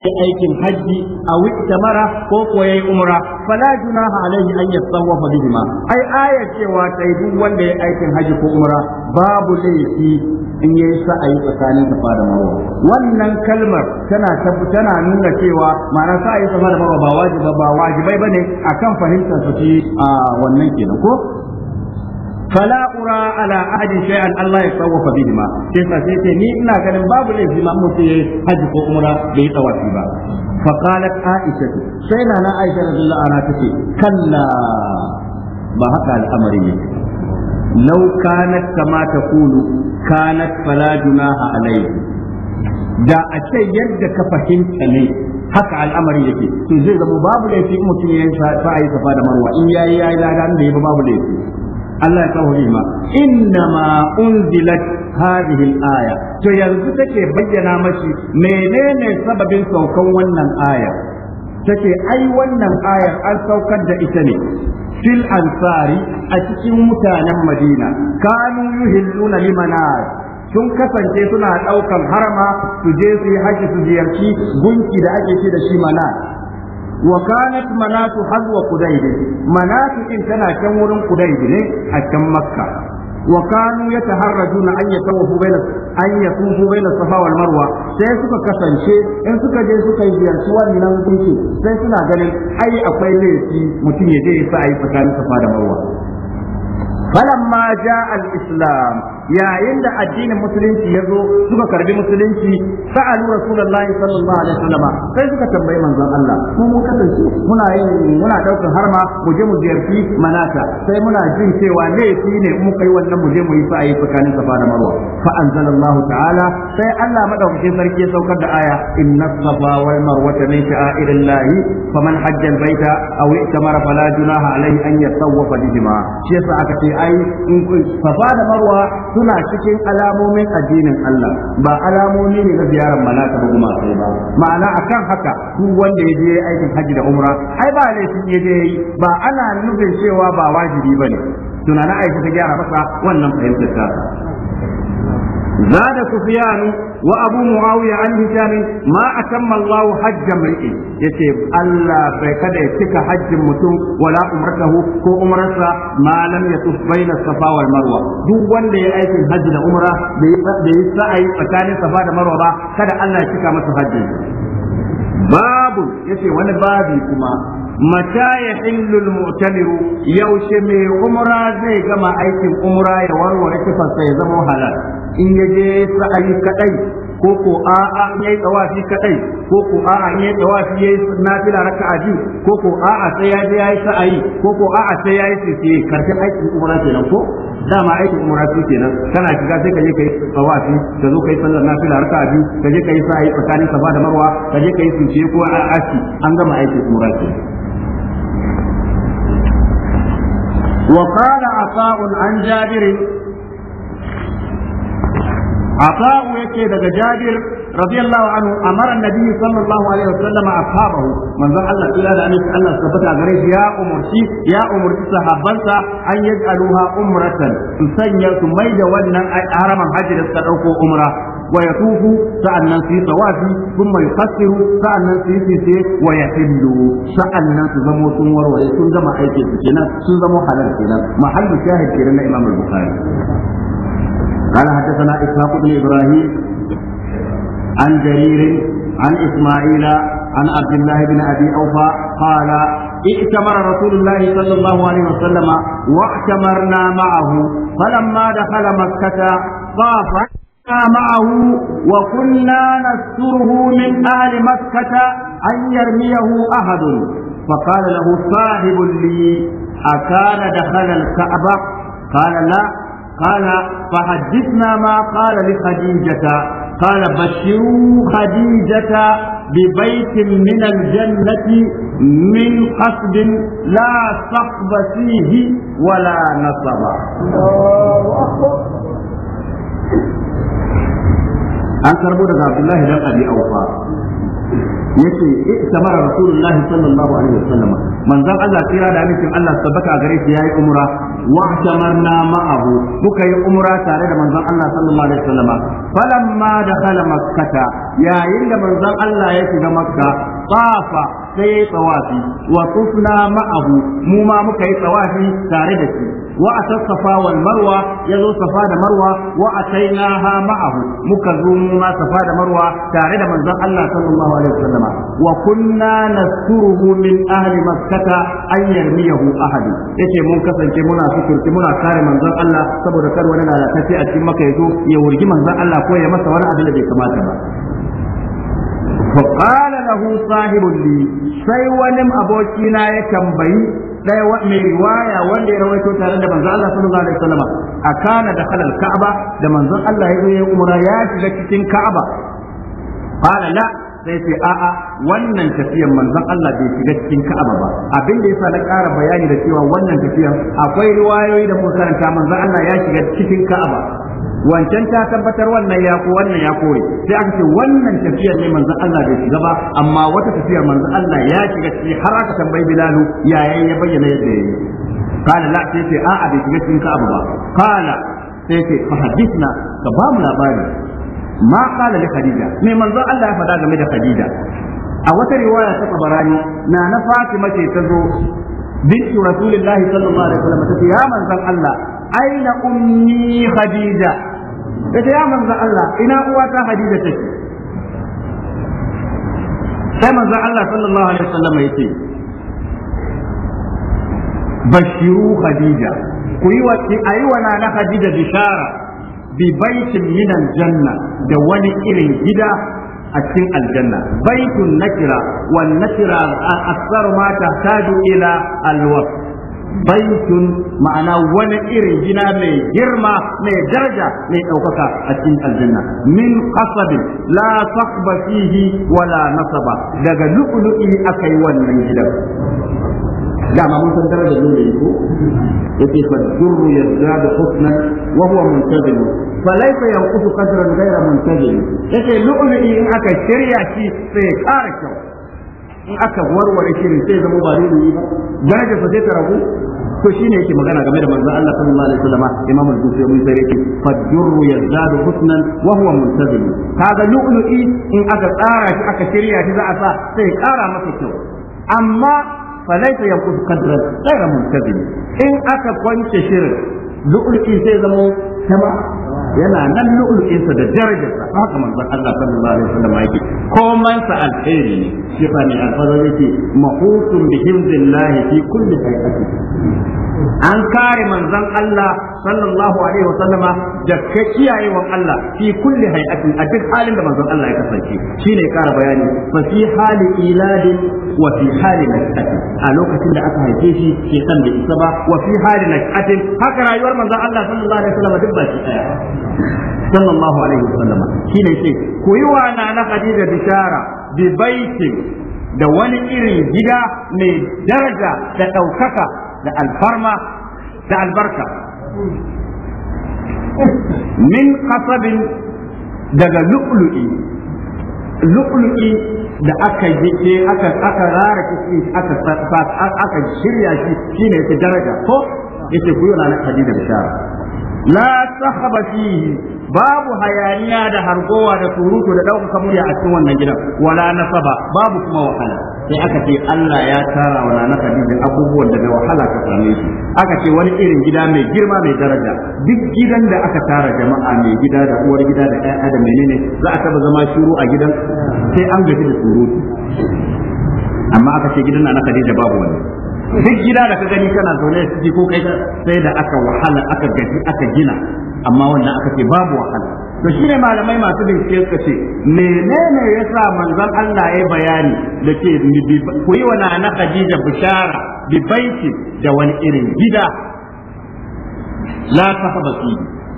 aikin hajji a wittamara ko ko yayi umra fala junaha alaihi an yatawafa bihima ai aya cewa sai duk wanda yi aikin hajji ko umra babu laifi in yayi sa'ayi tsakanin safa fara mawa wannan kalmar tana tana nuna cewa ma'ana sa'ayi safa da mawa ba wajibai ba wajibai bane akan fahimtar su a wannan kenan ko fala ura ala Allah ya sawwafa bihi ma sai sai ni ina ganin babu laifi ma mutum yayi haji ko umra bai tawafi ba fa qalat aisha sai na aisha radhiyallahu anha tace kalla ba haka al'amarin yake law kanat kama taqulu kanat fala junaha alai. da a ce yadda ka fahimta ne haka al'amari yake to zai zama babu laifi mutum ya yi sa'ayi safa da marwa in yayi yayi ladan da ya babu laifi Allah ya kawo ma inna ma unzilat hadhihi al-aya to yanzu take bayyana mashi menene sababin saukan wannan aya take ai wannan ayar an saukar da ita ne fil ansari a cikin mutanen Madina kanu yuhilluna limanar sun kasance suna ɗaukan harama su je su yi haji su ziyarci gunki da ake ce da shi mana wa kanat manatu hazwa kudayd manatu din tana can wurin kudayd ne a can makka wa kanu yataharrajuna an yatawafu baina an yatufu baina safa wal marwa sai suka kasance in suka je suka yi ziyarci wannan kuke, sai suna ganin ai akwai laifi mutum ya je ya sa ayi safa da marwa falamma jaa al islam yayin da addinin musulunci ya zo suka karbi musulunci sa'alu rasulullahi sallallahu alaihi wasallam sai suka tambayi manzon Allah mu mun kasance muna yin muna daukar harma mu je mu ziyarci manata sai muna jin cewa laifi ne mu kai wannan mu je mu yi sa'ayi tsakanin safa da marwa fa anzalallahu ta'ala sai Allah madaukakin sarki ya saukar da aya inna safa wal marwa min sha'airillahi faman hajja albayta aw i'tamara fala junaha alaihi an yatawafa bihima shi yasa aka ce ai in safa da marwa suna cikin alamomin addinin Allah ba alamomi ne na ziyarar malaka ba kuma sai ba ma'ana akan haka duk wanda ya je aikin haji da umra ai ba laifin ya je ba ana nufin cewa ba wajibi bane tunanin aiki ta gyara masa wannan fahimtar ta زاد سفيان وابو معاويه عن هشام ما اتم الله حج امرئ يتي الله بكدا يتك حج متوم ولا عمرته كو عمرته ما لم يطف بين الصفا والمروه دو wanda ya aikin hajji da umra bai yi sa'ayi tsakanin safa da marwa ba kada Allah ya cika masa hajji babu yace wani babi kuma mata ya hillul mu'tamiru yaushe mai umra zai gama aikin umra ya warware kifarsa ya zama halal in ya je sa'ayi kadai ko ko a'a in yayi tawafi kadai ko ko a'a in yayi tawafi yayi nafila raka'a biyu ko ko a'a sai ya je yayi sa'ayi ko ko a'a sai yayi sisi karshen aikin umra kenan ko dama aikin umra su kenan kana shiga sai ka je kai tawafi ka zo kai sallar nafila raka'a biyu ka je kai sa'ayi tsakanin safa da marwa ka je kai sisi ko a'a aski an gama aikin umra kenan وقال عطاء عن جابر عطاء يكي دغ جابر رضي الله عنه امر النبي صلى الله عليه وسلم اصحابه من ذا الله الى ان الله ثبت غريش يا امرتي يا امرتي صحابنسا ان يجعلوها عمره تسنيا سميد wannan haraman hajji suka dauko umra wa yatufu sa'annan su yi tawafi kuma yufassiru sa'annan su yi sise wa yahillu sa'annan su zamo sun warware sun zama aikin su kenan sun zama halal kenan mahallu na imam al-bukhari قال حدثنا إسحاق بن إبراهيم عن جرير عن إسماعيل عن عبد الله بن أبي أوفى قال ائتمر رسول الله صلى الله عليه وسلم واعتمرنا معه فلما دخل مكة طاف معه وكنا نستره من أهل مكة أن يرميه أحد فقال له صاحب لي أكان دخل الكعبة قال لا قال فحدثنا ما قال لخديجة قال بشروا خديجة ببيت من الجنة من قصد لا صحب فيه ولا نصب an karbo daga Abdullahi dan Abi Aufa yace itamar Rasulullah sallallahu alaihi wasallam manzon Allah tsira da nufin Allah sabbata a gare shi yayi umra واعتمرنا معه بكا عمرة تاري من الله صلى الله عليه وسلم فلما دخل مكة يا إلا من الله يشد مكة طاف sai tsawafi wa tufna ma'ahu mu ma muka yi tsawafi tare da shi wa atassafa wal marwa yazo safa da marwa wa ha ma'ahu muka zo mu ma safa da marwa tare da manzon Allah sallallahu alaihi wasallama wa kunna nasturuhu min ahli makkata an yarmiyahu ahadi yace mun kasance muna sukurki muna kare manzon Allah saboda kar wani lalatacce a cikin maka yazo ya wurgi manzon Allah ko ya masa wani abin da bai kamata ba فقال له صاحب لي sai wani abokina ya tambayi ɗaya mai riwaya wanda ya rawaito tare da banza Allah sallallahu alaihi wasallam a kana da halal ka'aba da manzon Allah ya zo ya umra ya shiga cikin ka'aba qala la sai ce a'a wannan tafiyan manzon Allah bai shiga cikin Ka'aba ba abin da yasa na ƙara bayani da cewa wannan tafiyan akwai riwayoyi da muka karanta manzon Allah ya shiga cikin Ka'aba wancan ta tabbatar wannan ya ko wannan ya kore sai aka ce wannan tafiyar ne manzon Allah bai shiga ba amma wata tafiyar manzon Allah ya shiga ciki har aka tambayi Bilalu yayin ya bayyana yadda yayi ba kana sai ce fa hadithna ka ba mu labari ma kana ما Khadija لخديجة manzon Allah ya faɗa game da Khadija a wata riwaya ta tabarani na na Fatima ce ta zo binti Rasulullahi sallallahu alaihi wasallam ta ce ya manzon Allah aina ummi khadija kace ya manzo Allah ina uwata khadija ke sai manzo Allah sallallahu alaihi wasallam yace bashiru khadija ku yi wa ayi wa na khadija bishara bi baitin min aljanna da wani irin gida a cikin aljanna baitun nakira wan nakira aktsar ma tahtaju ila alwaqt baitun ma'ana wani irin gina mai girma mai daraja mai ɗaukaka a cikin aljanna min qasabi la saqba fihi wala nasaba daga lu'lu'i akai wannan gidan Da ma mun san darajar nuna yi ko yake fa durru yazdadu husnan wa huwa muntazil fa laysa yanqutu qadran ghayra muntazil yake lu'lu'i in aka shirya shi sai ƙara kyau in aka warware shi sai zama ba ne ba daraja sa sai ta ragu to shine yake magana game da manzon Allah sallallahu alaihi wasallam Imam al-Bukhari mun sai yake fajrru yazadu husnan wa huwa muntazim kaga lu'lu'i in aka tsara shi aka shirya shi za a sa sai kara masa kyau amma falaita yanqus qadran ghayra muntazim in aka kwance shirin lu'lu'i sai zama sama yana nan sa da darajarsa haka manzon Allah sallallahu alaihi wasallam yake koman sa alheri ne shi fa ne alfarar yake mahutun bi himdillahi fi kulli an kare manzon Allah sallallahu alaihi wa sallama da ka kiyayewan Allah fi kulli hay'atin a duk halin da manzon Allah ya kasance shine kara bayani fa fi hali iladin wa fi hali nasati a lokacin da aka haife shi ke san da isa ba wa fi hali nasatin haka rayuwar manzon Allah sallallahu alaihi wa sallama duk ba shi daya sallallahu alaihi wa sallama shine ce ku yi wa na hadida bishara bi baitin da wani irin gida mai daraja da ɗaukaka da alfarma da albarka min kasabin daga lu'lu'i lu'lu'i da aka yi aka aka rara kishi aka aka shirya shi shine yake daraja ko yake kuyo na hadida shara la sahaba fihi babu hayaniya da hargowa da surutu da dauka murya a cikin wannan gidan wala nasaba babu kuma wahala sai aka ce Allah ya tara wa nana Khadija abubuwan da wahala ka same su aka ce wani irin gida mai girma mai daraja duk gidan da aka tara jama'a mai gida da uwar gida da ƴaƴa da menene za a taba zama shiru a gidan sai an gaji da surutu amma aka ce gidan na Khadija babu wani duk gida da ka gani kana zaune ciki ko kai sai da aka wahala aka aka gina amma wannan aka ce babu wahala to shine malamai masu bincike suka ce menene yasa manzon Allah ya bayani da ke ku yi wani na Khadija bishara bi baiti da wani irin gida la tahabati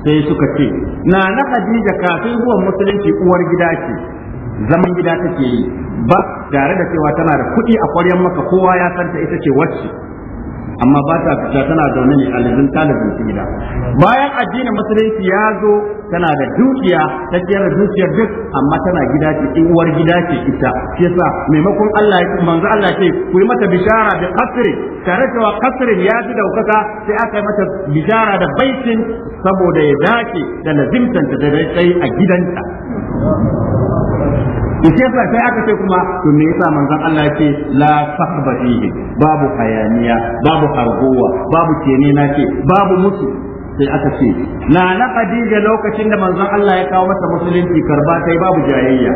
sai suka ce na na Khadija kafin zuwan musulunci uwar gida ce zaman gida take yi ba tare da cewa tana da kuɗi a kwaryan maka kowa ya santa ita ce wacce amma ba ta fita tana zaune ne a lalzin talibin gida bayan addinin musulunci ya zo tana da dukiya ta kera dukiyar duk amma tana gida ce in uwar gida ce ita shi yasa maimakon Allah ya manzo Allah ce ku yi mata bishara da kasri tare da kasrin ya ji daukaka sai aka yi mata bishara da baitin saboda ya dace da lazimtanta da dai a gidanta to shi sai aka ce kuma to me yasa manzon Allah yake la fakhba babu hayaniya babu harguwa babu kene na ce babu mutu sai aka ce na na Khadija lokacin da manzon Allah ya kawo mata musulunci karba sai babu jayayya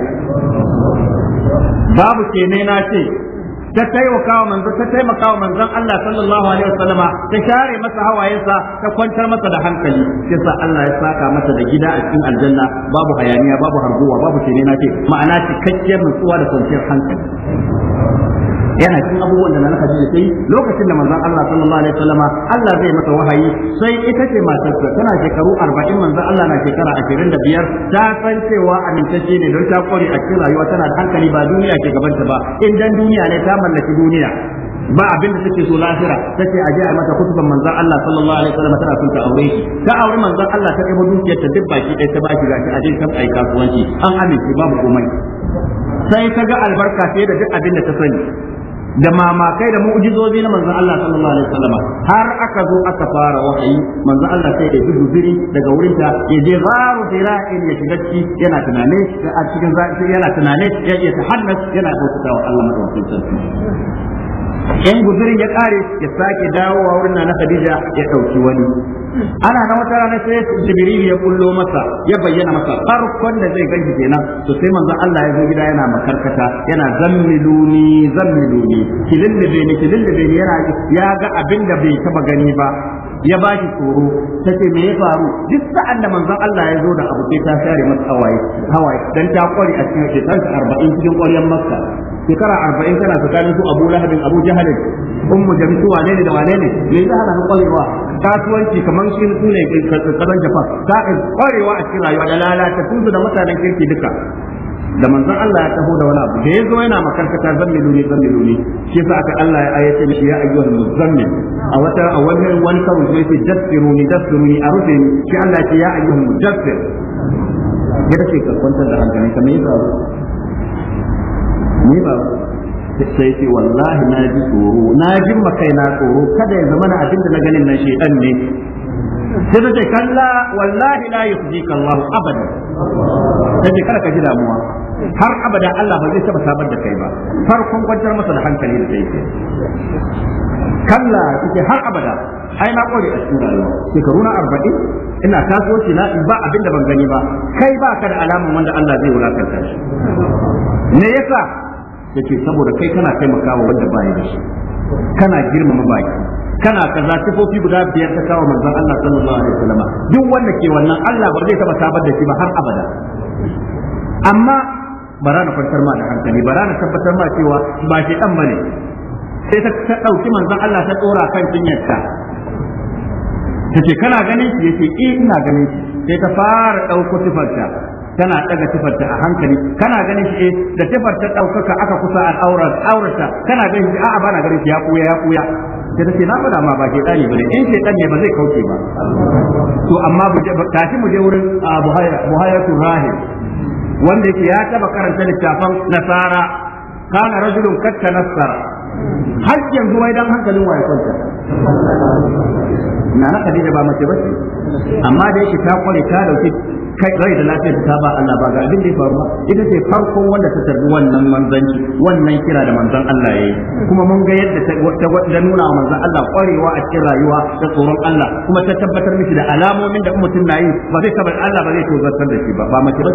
babu kene na ce ta taimaka wa manzo ta taimaka wa manzon Allah sallallahu alaihi ta share masa hawayensa ta kwantar masa da hankali yasa Allah ya saka masa da gida a cikin aljanna babu hayaniya babu harguwa babu shine ce ma'ana cikakkiyar nutsuwa da kwanciyar hankali yana cikin abubuwan da na Khadija ta yi lokacin da manzon Allah sallallahu alaihi wasallama Allah zai mata wahayi sai ita ce matarsa tana shekaru 40 manzon Allah na shekara 25 ta san cewa amintacce ne don ta kore a cikin rayuwa tana da hankali ba duniya ke gabanta ba in dan duniya ne ta mallaki duniya ba abin da take so lafira take aje a mata kutuban manzon Allah sallallahu alaihi wasallam tana son ta aure ta aure manzon Allah ta kai dukiyar ta duk baki ɗaya ta baki gashi aje kan ai kasuwanci an amince babu komai sai ta ga albarka fiye da duk abin da ta sani da mamakai da mu'jizozi na manzon Allah sallallahu alaihi wasallam har aka zo aka fara wahayi manzon Allah sai da guduri daga wurin ta ya je gharu fira'in ya shiga ciki yana tunane a cikin yana tunane ya ta tahannas yana bautawa Allah madaukakin sarki in guzurin ya kare ya sake dawowa wurin nana Khadija ya dauki wani ana na wata rana sai Jibril ya kullo masa ya bayyana masa farkon da zai ganki kenan to sai manzo Allah ya zo gida yana makarkata yana zammiluni zammiluni kilin da bai kilin da bai yana ya ga abin da bai taba gani ba ya ba shi tsoro ta ce me ya faru duk sa'an da manzon Allah ya zo da abu sai ta share masa hawaye hawaye dan ta kware a cikin shekarar arba'in cikin ƙwaryar makka shekara arba'in tana tsakanin su abu lahadin abu jahalin ummu jamsu wane ne da wane ne me yasa hana kwarewa kasuwanci kamar shi su ne kasan japan ta ƙwarewa a cikin rayuwa da lalata su da mutanen kirki duka da manzon Allah ya taho da wani abu da yazo yana makarkata zammilu ne zammilu ne shi yasa aka Allah ya ayyace shi ya ayyuhal muzammil a wata a wannan wani kawo sai ce daffiruni ne. a rufe ni shi Allah ya ce ya ayyuhal mudaffir ya dace ka kwanta da hankali kamar yadda ni ba sai ce wallahi na ji tsoro na ji makai na tsoro kada ya zama na abinda na ganin nan dan ne sai ta ce kalla wallahi la yukhzika Allah abada sai ce kada ka ji damuwa har abada Allah ba zai taba sabar da kai ba farkon kwantar masa da hankali da yake kalla take har abada ai na kore a cikin rayuwa shekaru na 40 ina kasuwanci na ba abin da ban gani ba kai ba ka da alaman wanda Allah zai wulakanta shi me yasa yace saboda kai kana wa wanda ba ya da shi kana girmama baki kana kaza sifofi guda biyar ta kawo manzon Allah sallallahu alaihi wasallam duk wanda ke wannan Allah ba zai taba sabar da shi ba har abada amma bara na kwantar ma da hankali bara na tabbatar ma cewa ba shi dan bane sai ta dauki manzon Allah ta dora kan jinyarta tace kana ganin shi yace eh ina ganin shi sai ta fara dauko sifarta tana daga tufarta a hankali kana ganin shi eh, da tufarta daukaka aka kusa al'aurar aurata kana ganin shi a'a bana ganin shi ya kuya ya kuya sai ta na faɗa ma ba ke dani bane in ke ne ba zai kauce ba to amma tashi mu je wurin buhayatu rahim wanda yake ya taba karanta littafan nasara kana rajulun katta nasara har yanzu wai dan hankalin waye kwanta na na kadija ba mace bace amma da yake ta kware ta dauki kai rai da lafiyar ta ba Allah ba ga abin da ya faru ita ce farko wanda ta tarbi wannan manzanci wannan kira da manzon Allah yayi kuma mun ga yadda ta nuna wa manzon Allah kwarewa a cikin rayuwa da tsoron Allah kuma ta tabbatar miki da alamomin da mutum na yi ba zai tabbata Allah ba zai tozartar da shi ba ba mace ba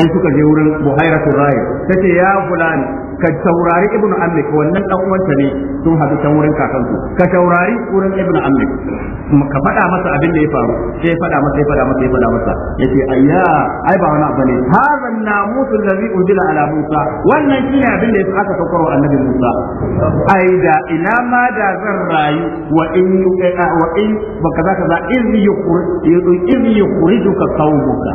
sai suka je wurin buhairatu ta tace ya fulani ka taurari ibnu amlik wannan dan uwanta ne sun haɗu can wurin kakansu ka taurari wurin ibnu amlik ka faɗa masa abin da ya faru sai faɗa masa ya faɗa masa ya faɗa masa yace ayya ai ba wani abu ne hadha an-namus allazi unzila ala musa wannan shine abin da ya aka saukar wa annabi musa ai da ina ma da zan rayu wa in eh, eh, wa in baka zaka za in yukhrijuka qawmuka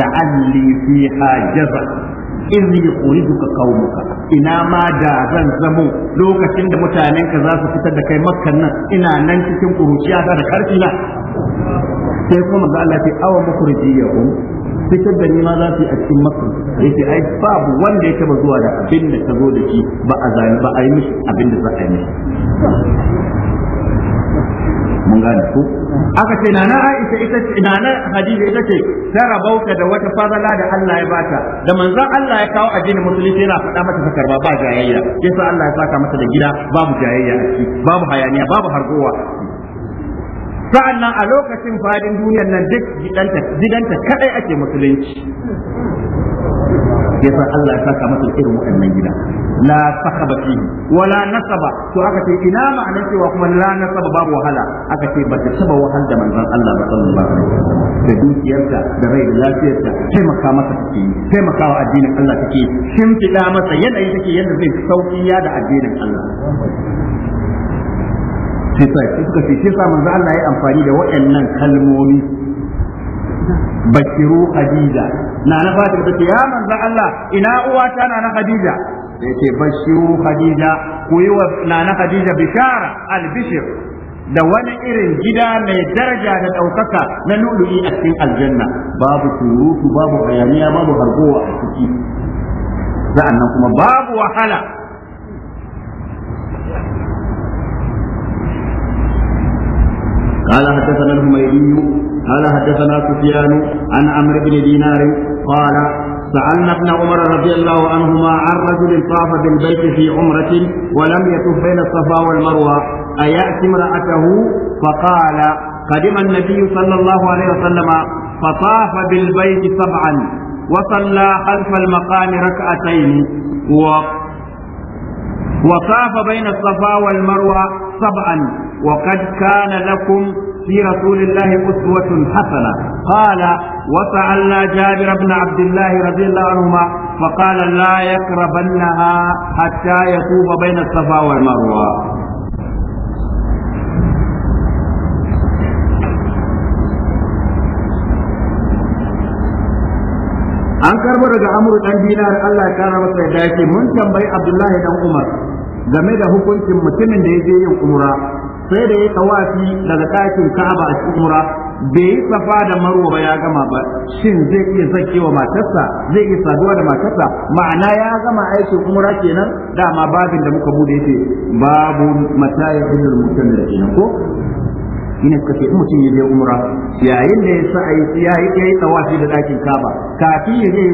la'alli fiha jaza duka yukhrijuka muka ina ma da zan zamo lokacin da mutanen ka za su fitar da kai makkan nan ina nan cikin kuruciya da karfi na sai kuma manzo Allah ya awa mukhrijiyahum fitar da ni ma za su yi a cikin makka yake ai babu wanda ya taba zuwa da abin da ta zo da shi ba a zani ba a yi mishi abin da za a yi mishi mun ga ko aka ce nana Aisha ita ce nana Hadiza ita ce ta rabauta da wata fazala da Allah ya bata da manzon Allah ya kawo addinin musulunci yana faɗa mata ta karba ba jayayya sa Allah ya saka mata da gida babu jayayya a ciki babu hayaniya babu hargowa sa'annan a lokacin fadin duniyar nan duk gidanta gidanta kadai ake musulunci sa Allah ya saka mata irin waɗannan gida la sahaba fihi wala nasaba to aka ce ina ma'anar cewa kuma la nasaba babu wahala aka ce ba ta taba wahal da manzon Allah ba sallallahu alaihi da dukiyarta da rai da lafiyarta taimaka masa take yi taimakawa addinin Allah take shimfiɗa masa yanayi take yadda zai sauki ya da addinin Allah shi sa suka ce shi sa za Allah ya amfani da waɗannan kalmomi bakiru khadija na na fatima tace ya manzo Allah ina uwata na na khadija da yake bashiru khadija ku yi wa nana khadija bishara albishir da wani irin gida mai daraja da ɗaukaka na lulu'i a cikin aljanna babu surutu babu hayaniya babu harbowa a ciki sa'annan kuma babu wahala قال حدثنا الهميدي قال حدثنا سفيان عن عمرو بن دينار قال سألنا ابن عمر رضي الله عنهما عن رجل طاف بالبيت في عمرة ولم يطف بين الصفا والمروة أيأتي امرأته فقال قدم النبي صلى الله عليه وسلم فطاف بالبيت سبعا وصلى خلف المقام ركعتين و وطاف بين الصفا والمروة سبعا وقد كان لكم في رسول الله أسوة حسنة قال وسألنا جابر بن عبد الله رضي الله عنهما فقال لا يقربنها حتى يطوف بين الصفا والمروة an karbo daga amur dan dinar Allah ya kara masa da yake mun tambayi Abdullahi dan Umar game da hukuncin mutumin da ya je yin umra sai da ya tawafi daga ɗakin Ka'aba a cikin umra bai yi safa da marwa ba ya gama ba shin zai iya zake wa matarsa zai iya saduwa da matarsa ma'ana ya gama aiki umra kenan dama babin da muka bude yake babu mata ya hillul mutamir kenan ko ina suka ce in mutum ya je umra yayin da ya sa'ayi ya yi yayi tawafi da dakin Kaba kafin ya je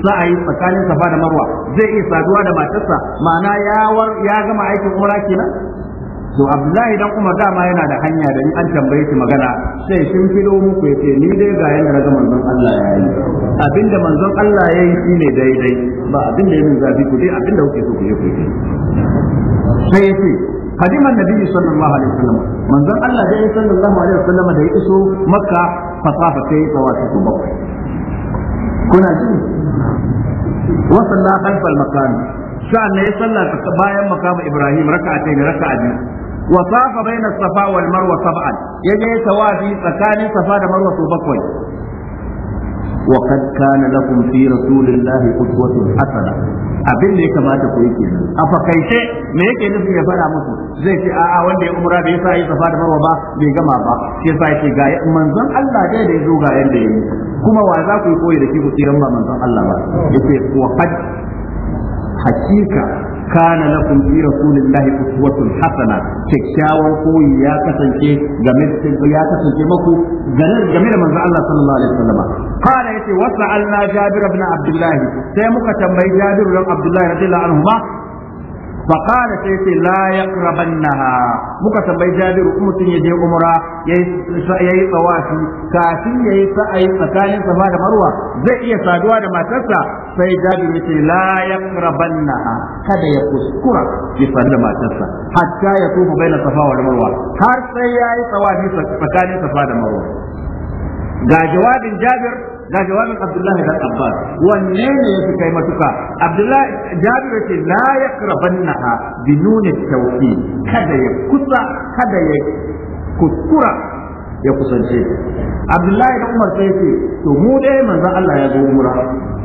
sa'ayi tsakanin Safa da Marwa zai iya saduwa da matarsa ma'ana ya ya gama aikin umra kenan to Abdullahi dan Umar dama yana da hanya da ni an tambaye shi magana sai shin filo muku yace ni dai ga yanda ga manzon Allah ya yi abinda manzon Allah ya yi shine daidai ba abinda yake zafi ku dai abinda kuke so ku yi ku sai yace قدم النبي صلى الله عليه وسلم من ذن الله جاي صلى الله عليه وسلم ده يسو مكة فطاف كي طوافه بقى كنا جي وصلنا خلف المكان شأن يصلى بايا مقام إبراهيم ركعتين ركعتين وطاف بين الصفا والمروة سبعا يجي توافي سكان صفا مروة بكوي وقد كان لكم في رسول الله قدوة حسنة abin da ya kamata ku yi nan a fakaice me yake nufi ya fara musu zai ce a'a wanda ya umra bai sa yi safa da marwa ba bai gama ba sai sa yake ga manzon Allah dai da ya zo ga yanda yayi kuma wa za ku yi koyi da shi ku tsiran ba manzon Allah ba yace wa qad hakika kana lakum fi rasulillahi uswatun hasana kyakkyawan koyi ya kasance game ya kasance game da manzo Allah sallallahu ya ce kana yace wasa'alna jabir ibn abdullah sai muka tambayi jabir ibn abdullah radiyallahu anhu فقال سيتي لا يقربنها muka tambayi jabiru kuma mutum ya je umra yayi tsawafi kafin yayi sa'ayi tsakanin safa da marwa zai iya saduwa da matarsa sai jabiru yace la yaqrabannaha kada ya kuskura ya sadu da matarsa hatta ya tufu baina safa wa marwa har sai yayi tsawafi tsakanin safa da marwa ga jawabin jabir ga jawabin Abdullahi dan Abbas wanne ne yafi kai matuka Abdullahi Jabir yace la yakrabannaha bi nun tawhid kada ya kusa kada ya kuskura ya kusance Abdullahi da Umar sai ce to mu dai manzon Allah ya zo umra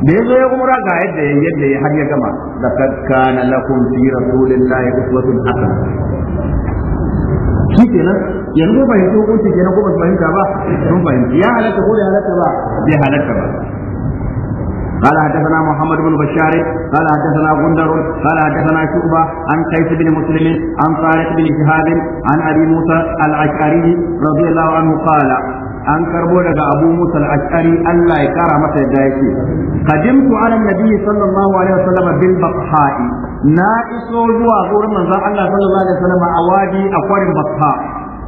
da ya zo ya umra ga yadda ya yadda ya har ya gama da kana lakum fi rasulillahi uswatun hasana kenan yanzu ko fahimci hukunci kenan ko ba su fahimta ba sun fahimci ya halatta ko ya halatta ba bai halatta ba قال حدثنا محمد بن بشار قال حدثنا غندر قال حدثنا شعبة عن قيس بن مسلم عن طارق بن شهاب عن أبي موسى الأشعري رضي الله عنه قال an karbo daga Abu Musa al Allah ya kara masa yadda yake qadimtu ala nabi bil baqha'i na iso zuwa gurin manzon Allah sallallahu alaihi wasallam a wadi a kwarin Bakka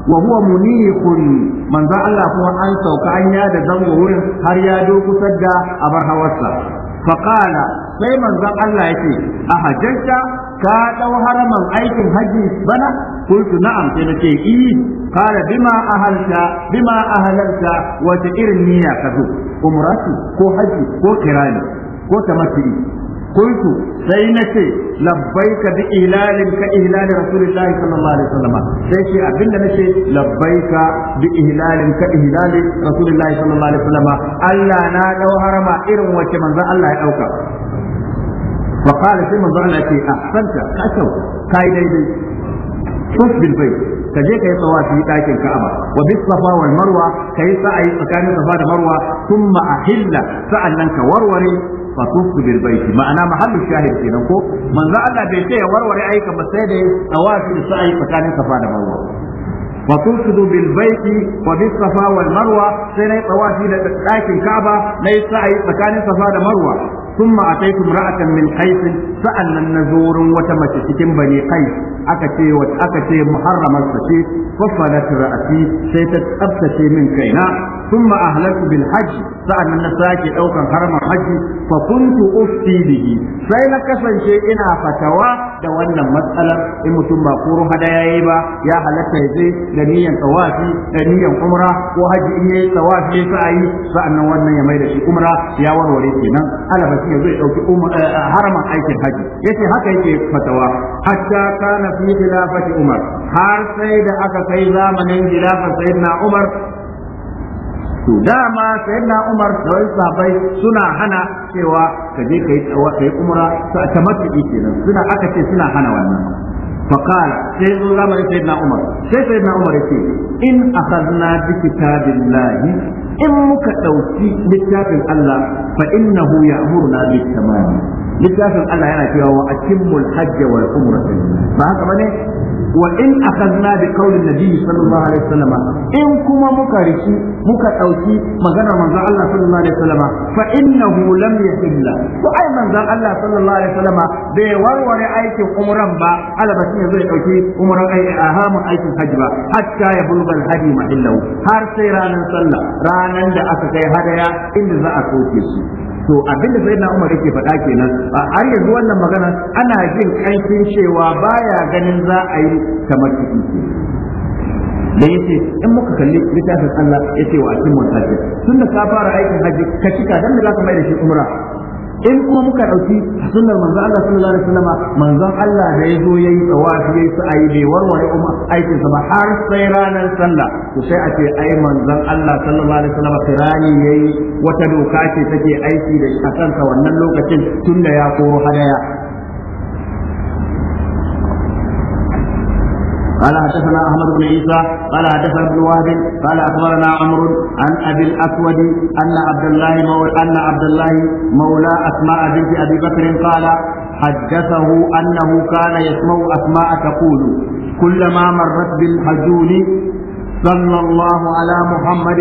wa huwa muniqun manzon Allah kuma an sauka an ya da zango wurin har ya do kusar da bar hawarsa fa qala sai manzon Allah yake a hajjanta ka dau haraman aikin haji bana qultu na'am sai nace eh qala bima ahalta bima wa ta irin niyya ka umratu ko haji ko kirani ko tamattu قلت سينتي لبيك بإهلالك كإهلال رسول الله صلى الله عليه وسلم سيشي أبن نشي لبيك بإهلالك كإهلال رسول الله صلى الله عليه وسلم ألا نادوا هرما إرم وكمن ذا الله أوكا فقال في منظرنا أحسنت كأسو كاي ديدي tuf bil bayt ka je kai tawafi dakin ka'aba wa bis safa wal marwa ka yi sa'i tsakanin safa da marwa hilla sa'an nan ka warware fa tuf bil bayt ma'ana mahallu shahid kenan ko manzo Allah bai ce ya warware aika ba sai da tawafi da sa'i tsakanin safa da marwa فتفسد بالبيت وبالصفا والمروة سنة طوافي لكن كعبة ليس أي مكان صفا ومروة Tumma thumma ataytum ra'atan min qais sa'annan nazurin wata mace cikin bani qais aka ce muharramar ce fa falat ra'ati sai ta tsabtace min kaina ثم أهلك بالحج سأل النساك أو كان حرم الحج فكنت أفتي به فإن كسن شيء إنا فتوى دوانا مسألة إما ثم أقول هدايا إيبا يا هلك يزي لنيا توافي لنيا عمرة وهج إيه توافي سأي سأل نوانا يميد شي عمرة يا ورولي كنا ألا بس يزي أو حرم أيك الحج يتي هكا يتي فتوى حتى كان في خلافة عمر har sai da aka kai zamanin khilafar sayyidina Umar to dama sai na umar da sabai suna hana cewa kaje kai tsawa kai umra sa ta mata yake suna aka ce suna hana wannan fa kala sai zo zama sai na umar sai sai na umar yake in akhadna bi kitabillahi in muka dauki littafin Allah fa na ya'muruna bil tamam littafin Allah yana cewa wa atimmul hajj wal umra ba haka bane wa in akhadna bi qawlin nabiy sallallahu alaihi wasallam in kuma muka riki muka dauki maganar manzon Allah sallallahu alaihi wasallam fa innahu lam yahilla ko ai manzon Allah sallallahu alaihi wasallam bai warware aikin umran ba alabatin yanzu ya dauki umran ai ahamun aikin hajji ba hatta ya bulbal hadi ma illahu har sai ranar sallah ranar da aka kai hadaya inda za a soke shi to abinda sai na umar yake faɗa kenan har yanzu wannan magana ana jin ƙarfin cewa baya ganin za a yi kamar ciki da yace in muka kalli littafin Allah yace wa akin mun tunda tun da ka fara aikin haji ka cika dan da zaka mai da shi umra in kuma muka ɗauki sunnar manzo Allah sallallahu alaihi wasallam manzon Allah da ya zo yayi tsawafi yayi sa'ayi bai warware umma aikin sa ba har sai ranar sallah to sai a ce ai manzon Allah sallallahu alaihi wasallam kirani yayi wata doka ce take aiki da akan sa wannan lokacin tunda ya koro hadaya قال حدثنا احمد بن عيسى قال حدثنا ابن وهب قال اخبرنا عمرو عن ابي الاسود ان عبد الله مولى ان عبد الله مولى اسماء بنت ابي بكر قال حدثه انه كان يسمع اسماء تقول كلما مرت بالحجون صلى الله على محمد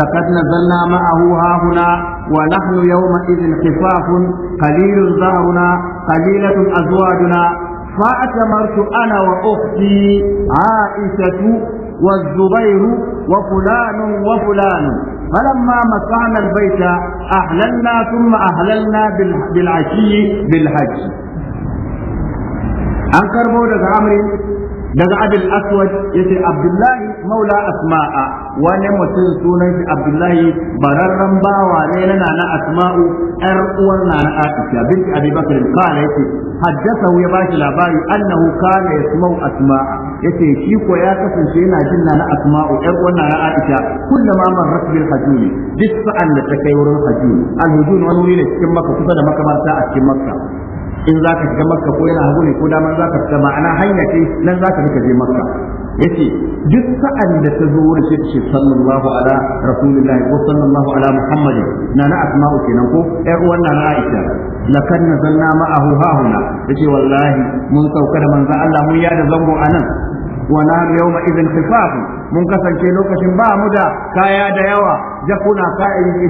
لقد نزلنا معه ها هنا ونحن يومئذ خفاف قليل ظهرنا قليلة أزواجنا فأتمرت أنا وأختي عائشة والزبير وفلان وفلان فلما مسعنا البيت أهللنا ثم أهللنا بالعشي بالحج أنكر بودة عمري daga abin aswad ya ce abdullahi maula asma'a wani mutum sunan shi abdullahi bararren bawa ne na nana asma'u yar uwar nana aisha binti abi bakr kana yace haddasa ya bashi labari annahu kana yasma'u asma'a yace shi ko ya kasance yana jin nana asma'u yar uwar nana aisha kullama man bil hajuni duk sa'an da ta kai wurin hajuni al hajuni wani wuri ne cikin makka kusa da makamarta a cikin makka in zaka shiga makka ko yana hagu ne ko dama zaka fita ma'ana hanya ce nan zaka rika je makka yace duk sa'an da ta zo wani sai ce sallallahu ala rasulillahi ko sallallahu ala muhammadi na na asma'u kenan ko ƴar uwan na aisha lakan nazalna ma'ahu hahuna ce wallahi mun sauka da manzo Allah mun yada zango nan. wa na yawma idhin khifafu mun kasance lokacin ba mu da kaya da yawa jakuna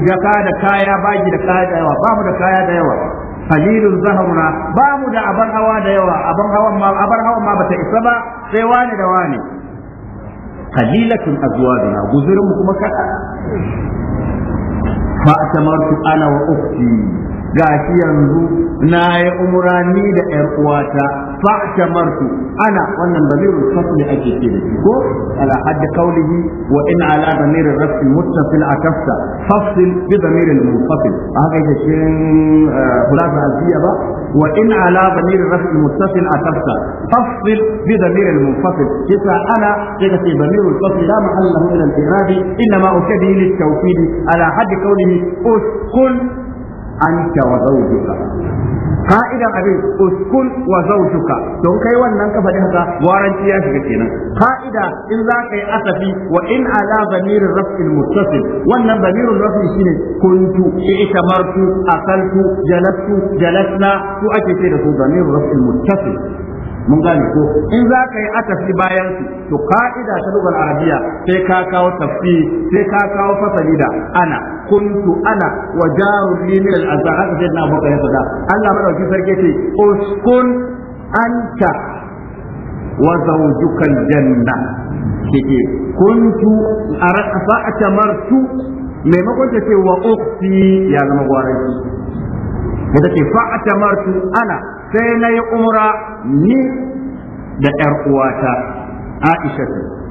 jaka da kaya bagi da kaya da yawa ba mu da kaya da yawa qalilun zahruna ba mu da abar hawa da yawa abar hawan ma abar hawan ma bata isa ba sai wani da wani qalilatun azwajuna guzurum kuma kada fa atamartu ana wa ukhti gashi yanzu na yi umrani da yar uwata fa ta marku ana wannan damirul fasli ake ce da ko ala hadd kaulihi wa in ala damir ar-rafd muttasil atafta fafsil bi damir al-munfasil haka yake cikin khulasa aziya ba wa in ala damir ar-rafd muttasil atafta fafsil bi damir al-munfasil kisa ana kika ce damirul fasli la mahalla min al-i'rab inma ukadi lit-tawkid ala hadd kaulihi uskun anta wa zawjuka ka'idan abin uskun wa zawjuka don kai wannan kafa din haka waranti ya shiga kenan ka'ida in za ka yi asafi wa in ala zamirin raf'il muttasil wannan zamirin raf'i shine kuntu i'tamartu akaltu Jalatu, jalasna su ake ce da su zamirin raf'il muttasil mun gane ko in za ka yi atafi bayan su to ka'ida ta lugar arabiya sai ka kawo tafi sai ka kawo fasali da ana kuntu ana wa jaru limin min al-azhar haka sai na baka ya sada Allah madauki sarki ce uskun anta wa zawjuka janna kike kuntu fa'tamartu maimakon ta ce wa ukhti ya zama gwaranci ita ce fa'tamartu ana sai na yi umra ni da ‘yar uwata Aisha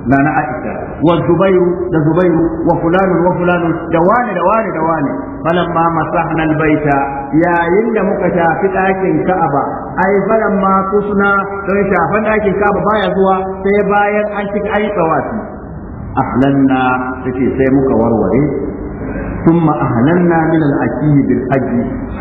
na na Aisha wa Zubairu da Zubairu wa fulanu wa fulanu da wani da wani da wani falamma masahna albaita yayin da muka shafi ɗakin Ka'aba ai masu suna sai shafan ɗakin Ka'aba baya zuwa sai bayan an cika ayi tsawafi ahlanna tace sai muka warware ثم أهلنا من الأكيه بالحج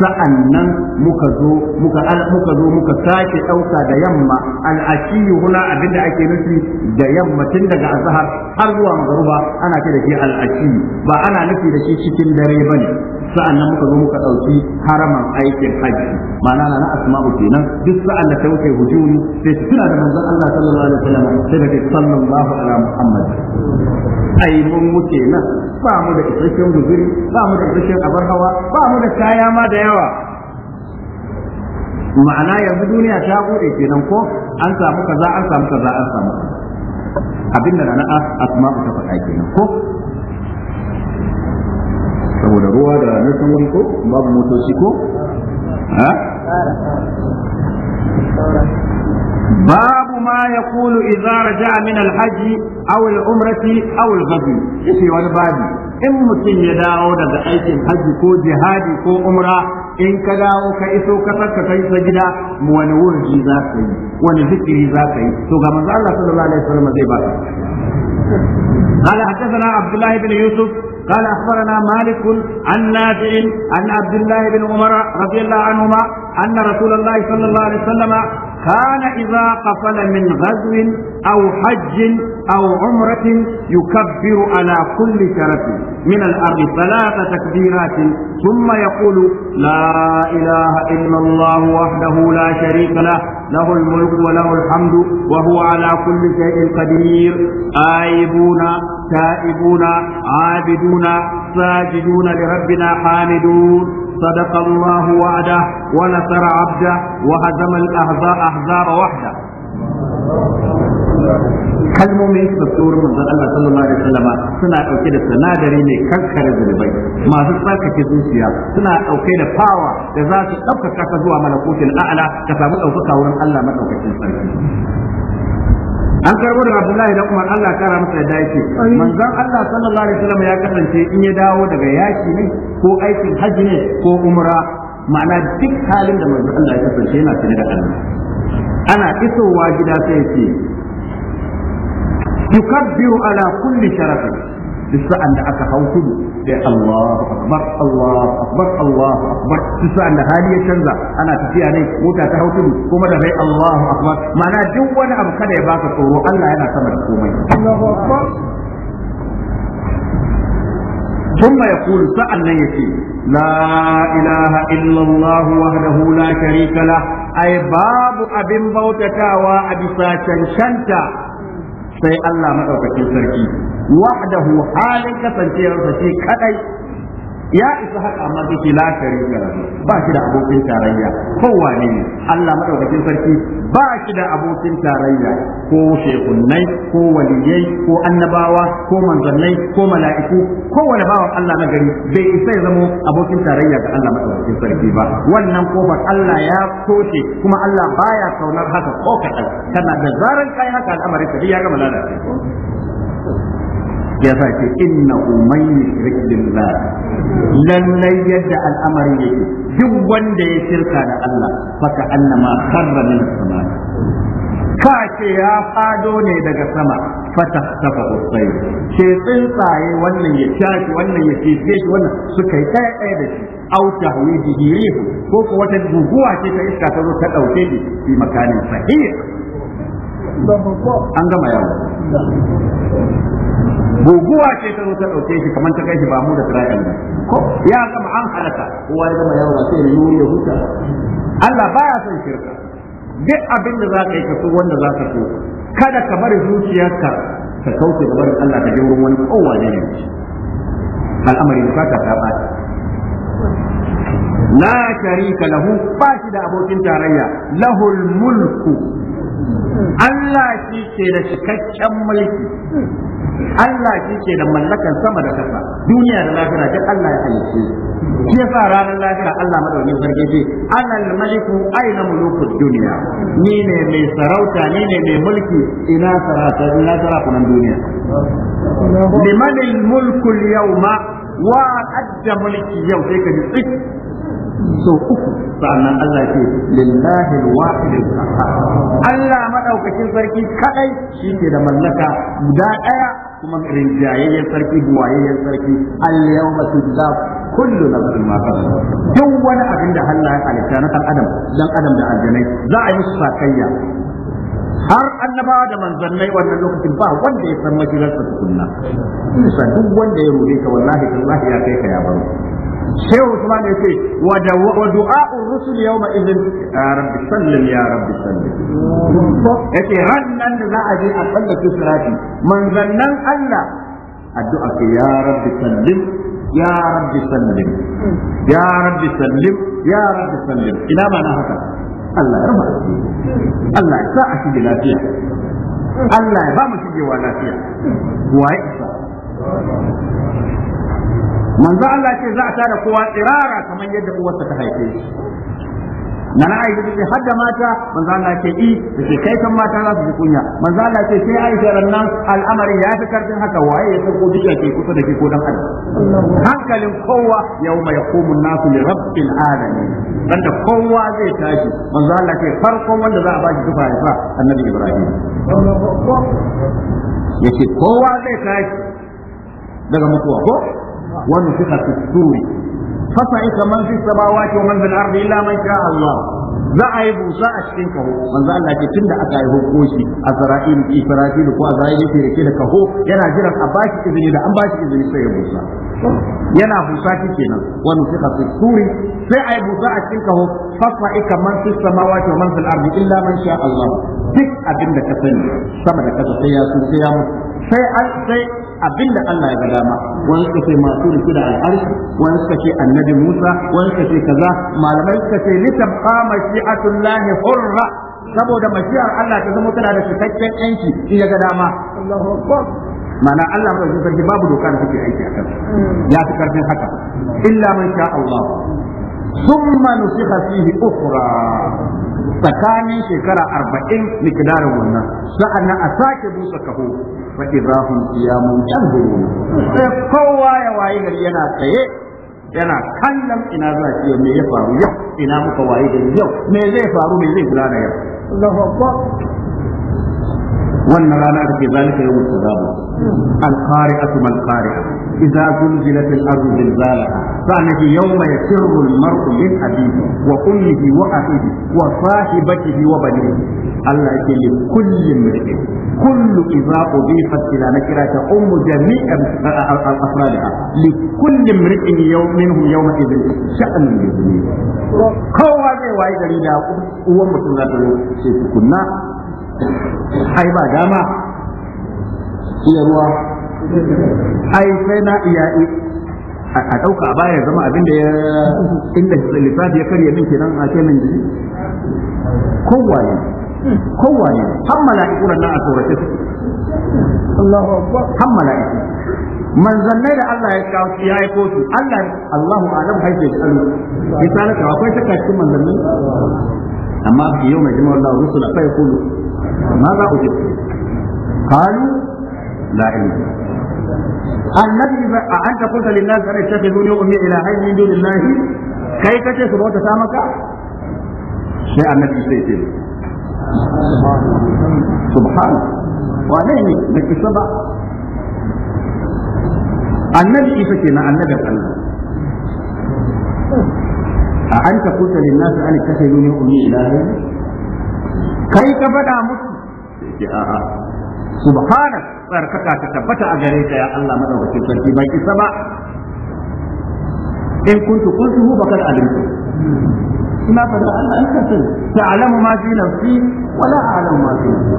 سألنا مكزو مك مكزو مكساك أو كديما الأكيه هنا أبدا أكي نسي ديما تندق الظهر هل هو مغربة أنا كده في الأكيه وأنا نسي لشيء شكل دريبني sa'an nan muka zo muka ɗauki haraman aikin haji ma'ana na asma'u kenan duk sa'an da ta wuce hujuri sai su tuna da manzon Allah sallallahu alaihi wasallam sai da sallallahu ala Muhammad ai mun muke nan ba mu da isasshen guzuri ba mu da isasshen abar hawa ba mu da kaya ma da yawa ma'ana yanzu duniya ta bude kenan ko an samu kaza an samu kaza an samu abinda na asma'u ta faɗa kenan ko saboda ruwa da na san wuri ko babu motoci ko ha babu ma ya kulu idza raja'a min alhaji aw al'umrati aw al-ghazwi yace wani babu in mutum ya dawo daga aikin haji ko jihadi ko umra in ka dawo ka iso kasar ka kai sa gida mu wani wurji za ka yi wani zikiri za ka yi to ga manzo Allah sallallahu alaihi wasallam zai ba قال حدثنا عبد الله بن يوسف قال أخبرنا مالك عن نافع عن عبد الله بن عمر رضي الله عنهما أن رسول الله صلى الله عليه وسلم كان إذا قفل من غزو أو حج أو عمرة يكبر على كل شرف من الأرض ثلاث تكبيرات ثم يقول لا إله إلا الله وحده لا شريك له له الملك وله الحمد وهو على كل شيء قدير آيبون تائبون عابدون ساجدون لربنا حامدون صدق الله وعده ونصر عبده وهزم الأحزاب وحده kalmomin tsaftowar manzon Allah sallallahu alaihi wasallama suna dauke da sinadari ne kankare zulubai masu tsarkake zuciya suna dauke da fawa da za su daukaka ka zuwa malakutin a'la ka samu daukaka wurin Allah madaukakin sarki an karbo da Abdullahi da Umar Allah kara masa da yake manzon Allah sallallahu alaihi wasallam ya kasance in ya dawo daga yaki ne ko aikin hajji ne ko umra ma'ana duk halin da manzon Allah ya kasance yana tare da Allah ana isowa gida sai ya ce yukabbiru ala kulli sharafin duk sa'an da aka hau kudu sai Allahu akbar Allahu akbar Allahu akbar duk sa'an da hali ya canza ana tafiya ne mota ta hau kudu kuma da sai Allahu akbar ma'ana duk wani abu kada ya baka tsoro Allah yana sama da komai Allahu akbar ثم يقول سألنا يتي لا إله إلا الله وحده لا شريك له أي باب أبن بوتكا وأبساشا شنتا sai Allah madaukakin sarki wahdahu halin kasancewarsa shi kadai ya isa haka amma sai lafari la sharika ba shi da abokin tarayya kowane ne Allah madaukakin sarki ba shi da abokin tarayya ko shekunnai ko waliyai ko annabawa ko manzannai ko mala'iku kowane bawan Allah na gari bai isa ya zama abokin tarayya ga Allah madaukakin sarki ba wannan kofar Allah ya toshe kuma Allah baya kaunar haka ko kaɗan kana da zaran kai haka al'amarin ka ya gama lalacewa ya sa ce inna umai yushrik lallai yadda al'amarin yake duk wanda ya shirka da Allah faka annama karra min sama ka ce ya fado ne daga sama fata tafa usai ce tsuntsaye wannan ya tashi wannan ya fice shi wannan suka yi ɗaya da shi au tahwidi hirih ko ko wata guguwa ce ta iska ta zo ta ɗauke shi fi makanin sahih an gama yawa. guguwa ce ta zo ta dauke shi kamar ta kai shi ba mu da tsirayen ba ko ya gama an halaka kowa ya gama yawa sai ya yi ya huta Allah baya son shirka duk abin da za ka yi ka so wanda za ka so kada ka bar zuciyarka ka kauce gaban Allah ka je wurin wani kowa ne ne al'amari bukata ta ba la sharika lahu ba shi da abokin tarayya lahul mulku Allah shi ke da cikakken mulki Allah shi ke da mallakan sama da kafa duniya da lafiya duk Allah ya halice shi yasa ranar lafiya Allah madaukakin sarki ce anal maliku aina mulukud duniya ni ne mai sarauta ni ne mai mulki ina sarauta ina sarakunan duniya liman mulku al-yawma wa adda mulki yau sai ka ji so uku sannan Allah ce lillahi alwahid Allah madaukakin sarki kadai shike da mallaka guda daya kuma rinjayayyen sarki buwayayyen sarki al-yawma tujza kullu nafsin ma kasabat duk wani abin da Allah ya halitta na adam dan adam da aljanai za a yi sakayya har annaba da manzannai wannan lokacin ba wanda ya san majilarsa tukunna. sa duk wanda ya rure ka wallahi tallahi ya kai ka ya baro. Sai usman ya ce wa du'a'ur rusul yawma idhin ya rabbi sallim ya rabbi sallim yace rannan da za a je a tsallake sirati manzannan Allah addu'a ya rabbi sallim ya rabbi ina ma haka Allah ya Allah ya sa a shige lafiya Allah ya ba mu shigewa lafiya wa ya manzo Allah ce za a tada kowa tsirara kamar yadda uwarsa ta haife shi na na aiki ce hadda mata manzo Allah ce i ke kai kan mata za su ji kunya manzo Allah ce sai aisha nan al'amarin ya fi karfin haka waye ya sako duka ke kusa da ke ko dan hankalin kowa yauma yaqumu an-nasu li rabbil alamin dan kowa zai tashi manzo Allah ce farkon wanda za a ba shi tufa ya annabi Ibrahim yace kowa zai tashi daga mutuwa ko ونفخ في السور فصعق من في السماوات ومن في الارض الا من شاء الله za a yi busa a cikin kaho manzo Allah ke tunda aka yi hukunci a Isra'il Isra'il ko Azrail ke rike da kaho yana jiran a bashi izini da an bashi izini sai ya busa yana busa kenan wa nufiqa fi suri sai a yi busa a cikin kaho fafa ika man fi samawati wa man fil ardi illa man sha Allah duk abin da ka sani sama da kasa sai ya sun sai ya mutu sai sai abin da Allah ya ga dama wani suka ce masu rufe da al'arshi wani suka ce annabi Musa wani suka ce kaza malamai suka ce litabqa mashi'atullahi hurra saboda mashi'ar Allah ta zama tana da cikakken yanci in ya ga dama ma'ana Allah mai sarki babu doka da take aiki a kan ya fi karfin haka illa man sha Allah ثم نفخ فيه أخرى tsakanin shekara arba'in mikidarin wannan sa'an a sake busa kaho fa idahum qiyamun tanzuru sai kowa ya waye yana tsaye yana kallon ina za ki me ya faru yau ina muka waye gari me zai faru me zai gudana yau Allahu wannan rana da sa'annan ce yawma yasirru al-mar'u min abihi wa ummihi wa abihi wa sahibatihi wa banihi Allah yake li kulli mar'in kullu idza udifat ila nakira ta ummu jami'a al-afradaha li kulli mar'in yawmin hu yawma idhin sha'an yuzni kowa zai wayi gari da uwan mutum za sai dama na a ɗauka a baya zama abin da ya inda lissafi ya karya min kenan a ce min jiki kowane kowane har mala'iku nan a tsorace su Allahu akbar mala'iku manzannai da Allah ya kawo ya aiko su Allah Allahu alam haike shi alu misalaka akwai shakka cikin manzanni amma yau mai jama'a Allah rusula fa yaqulu ma za ku ji qalu la ilma annabi a an ta kusa lillahi kana tattakhiduni ummi ilahin min dunillahi kai kace su bauta ta maka sai annabi sai ce subhan wa ne da kisa ba annabi isa kenan annabi Allah a an ta kusa lillahi an tattakhiduni ummi ilahin kai ka faɗa musu sai a'a subhana tsarkaka ta tabbata a gare ka ya Allah madaukakin sarki bai isa ba in kuntu qultuhu faqad alimtu ina fada Allah an kasan ta'lamu ma fi nafsi wa la a'lamu ma fi nafsi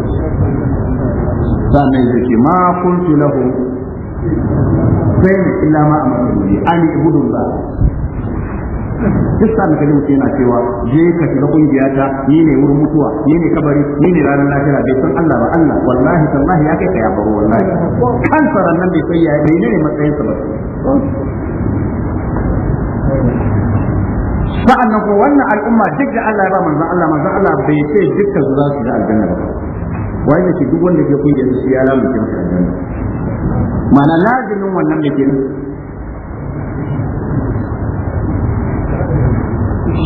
da yake ma kuntu lahu sai illa ma amuru an ibudullah duk sa da kaji na yana cewa je ka shiga kungiya ta ni ne wurin mutuwa ni ne kabari ni ne ranar lahira bai san Allah ba Allah wallahi sallahi ya kai ka ya baro wallahi kan saran nan bai kai ya bai ne matsayin sa ba sa'an nan ko wannan al'umma duk da Allah ya ba manzon Allah manzon Allah bai ce dukkan su za su ga aljanna ba wai ne duk wanda ke kungiya su ya lalace masa aljanna ma'ana lazimin wannan da ke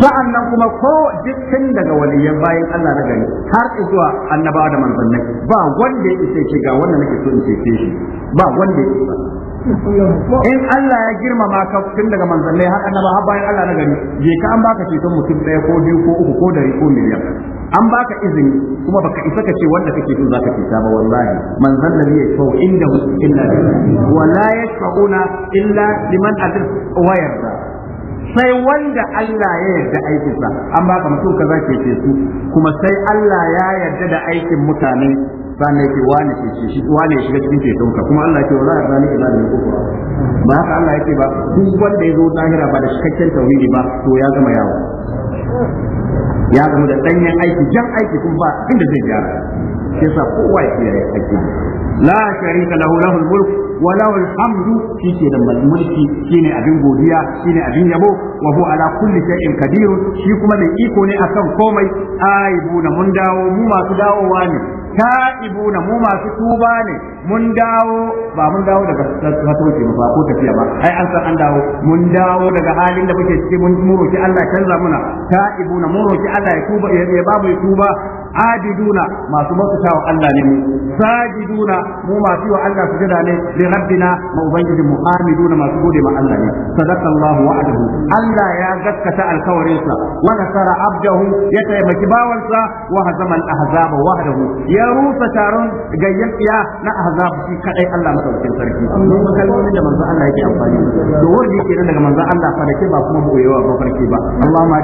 nan kuma ko jikin daga waliyan bayan Allah na gari har zuwa annaba da manzannai ba wanda ya isa ce ga wanda nake so in cece shi ba wanda ya isa in Allah ya girmama ka tun daga manzannai har annaba har bayan Allah na gari je ka an baka ceton mutum ɗaya ko biyu ko uku ko dari ko miliyan an baka izini kuma baka isa ka ce wanda kake so zaka ce ba wallahi manzon nabi ya ce inda illa billah wa yashfa'una illa liman adr wa yarda sai wanda Allah ya yarda aikinsa an ba ka mutum kaza ke ce su kuma sai Allah ya yarda da aikin mutane sannan ke wani ke ce shi wani ya shiga cikin ceton ka kuma Allah ke wala ya zani ila da kuka ba haka Allah yake ba duk wanda ya zo zahira ba da cikakken tauhidi ba to ya zama yawo ya zama da danyen aiki jan aiki kuma ba inda zai gyara Kesa yasa kowa ya kiyaye hakkin la sharika lahu lahul mulk wa lahul hamdu shi da mulki shine abin godiya shine abin yabo wa huwa ala kulli shay'in qadir shi kuma mai iko ne akan komai aibuna mun dawo mu masu dawowa ne ta'ibuna mu masu tuba ne mun dawo ba mun dawo daga fatauci ba ko tafiya ba ai an san an dawo mun dawo daga halin da muke ciki mun roki Allah canza muna ta'ibuna mun roki Allah ya tuba ya babu tuba abiduna masu bautata wa Allah ne mu sajiduna mu masu wa Allah sujada ne li rabbina mu mu amiduna masu bude ma Allah ne sadaqallahu wa'adahu Allah ya gaskata alkawarinsa wa nasara abdahu ya taimaki bawansa wa hazama al-ahzaba wahdahu ya rusa taron gayyaciya na ahzab shi kadai Allah madaukakin sarki mun ga kalmomin da manzo Allah yake amfani da wanda yake nan daga manzo Allah farake ba kuma boyewa ba farke ba Allahumma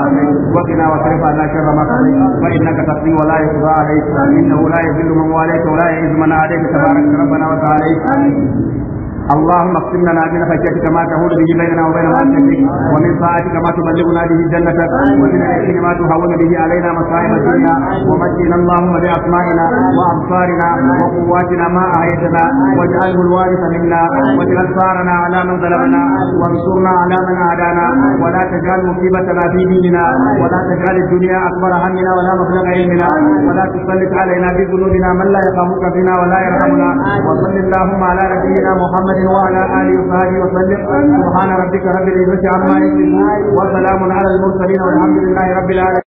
عليك وقنا واصرف عنا شر ما قضيت فانك تقضي ولا يقضى عليك انه لا يذل من واليت ولا يعز من عليك تبارك ربنا وتعالى اللهم اقسم لنا من خشيتك ما تهول به بيننا وبين معصيتك ومن طاعتك ما تبلغنا به جنتك ومن اليقين ما تهون به علينا مصائب الدنيا ومجدنا اللهم باسمائنا وابصارنا وقواتنا ما احيتنا واجعله الوارث منا واجعل ثارنا على من ظلمنا وانصرنا على من عادانا ولا تجعل مصيبتنا في ديننا ولا تجعل الدنيا اكبر همنا ولا مبلغ علمنا ولا تسلط علينا بذنوبنا من لا يخافك فينا ولا يرحمنا وصل اللهم على نبينا محمد محمد وعلى اله وصحبه وسلم سبحان ربك رب العزه عما يصفون وسلام على المرسلين والحمد لله رب العالمين